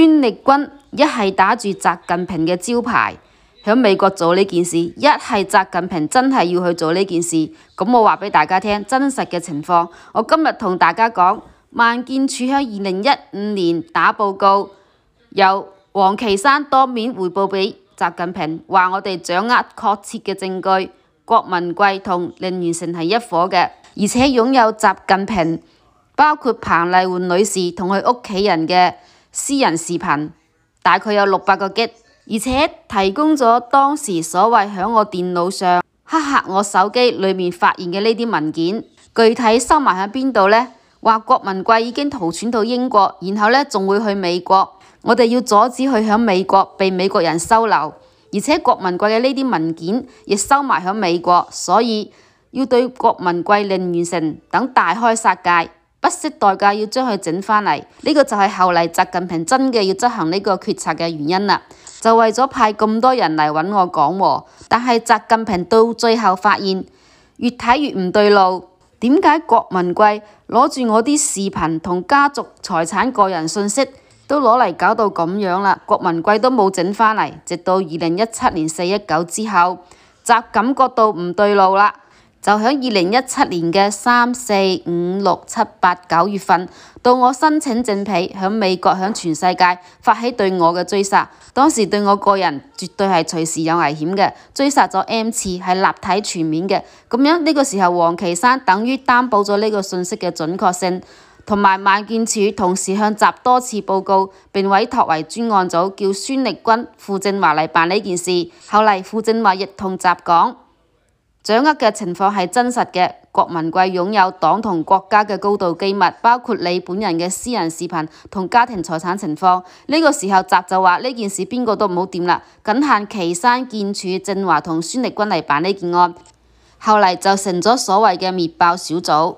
孫力軍一係打住習近平嘅招牌，喺美國做呢件事；一係習近平真係要去做呢件事，咁我話俾大家聽真實嘅情況。我今日同大家講，孟建柱喺二零一五年打報告，由王岐山當面回報俾習近平，話我哋掌握確切嘅證據，郭文貴同令完成係一伙嘅，而且擁有習近平，包括彭麗媛女士同佢屋企人嘅私人視頻大概有六百個 G，而且提供咗當時所謂響我電腦上、黑客我手機裏面發現嘅呢啲文件，具體收埋喺邊度呢？話郭文貴已經逃竄到英國，然後呢仲會去美國，我哋要阻止佢響美國被美國人收留，而且郭文貴嘅呢啲文件亦收埋響美國，所以要對郭文貴令完成等大開殺戒。不惜代價要將佢整翻嚟，呢個就係後嚟習近平真嘅要執行呢個決策嘅原因啦。就為咗派咁多人嚟搵我講和，但係習近平到最後發現越睇越唔對路，點解郭文貴攞住我啲視頻同家族財產個人信息都攞嚟搞到咁樣啦？郭文貴都冇整翻嚟，直到二零一七年四一九之後，習感覺到唔對路啦。就喺二零一七年嘅三四五六七八九月份，到我申請證皮，喺美國、喺全世界發起對我嘅追殺。當時對我個人絕對係隨時有危險嘅，追殺咗 M 次，係立體全面嘅。咁樣呢、呢個時候，王岐山等於擔保咗呢個信息嘅準確性，同埋孟建柱同時向習多次報告，並委託為專案組叫孫力軍、傅政華嚟辦呢件事。後嚟傅政華亦同習講。掌握嘅情況係真實嘅，郭文貴擁有黨同國家嘅高度機密，包括你本人嘅私人視頻同家庭財產情況。呢、這個時候習就話：呢件事邊個都唔好掂啦，僅限岐山建處正華建柱政華同孫力軍嚟辦呢件案。後嚟就成咗所謂嘅滅爆小組。